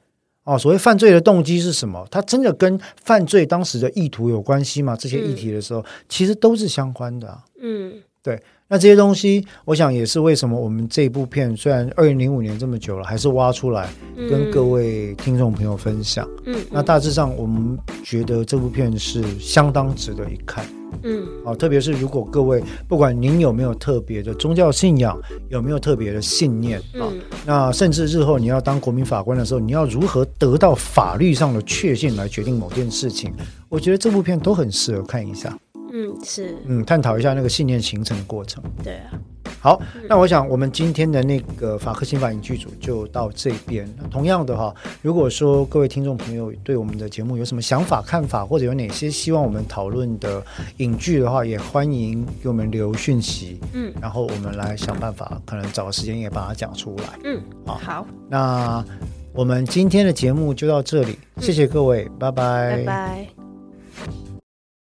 哦，所謂犯罪的動機是什麼？它真的跟犯罪當時的意圖有關係嗎？這些議題的時候，其實都是相關的啊。嗯。嗯對，那這些東西，我想也是為什麼我們這部片雖然二零零五年這麼久了，還是挖出來跟各位聽眾朋友分享。嗯，嗯，那大致上我們覺得這部片是相當值得一看。嗯，啊，特別是如果各位不管您有沒有特別的宗教信仰，有沒有特別的信念啊，嗯，那甚至日後你要當國民法官的時候，你要如何得到法律上的確信來決定某件事情，我覺得這部片都很適合看一下。嗯，是，嗯，探討一下那個信念形成的過程。對啊，好，嗯、那我想我們今天的那個法克新法影劇組就到這邊。同樣的哈，如果說各位聽眾朋友對我們的節目有什麼想法、看法，或者有哪些希望我們討論的影劇的話，也歡迎給我們留訊息。嗯，然後我們來想辦法，可能找個時間也把它講出來。嗯，啊、好，那我們今天的節目就到這裡，嗯、謝謝各位，拜拜，拜拜。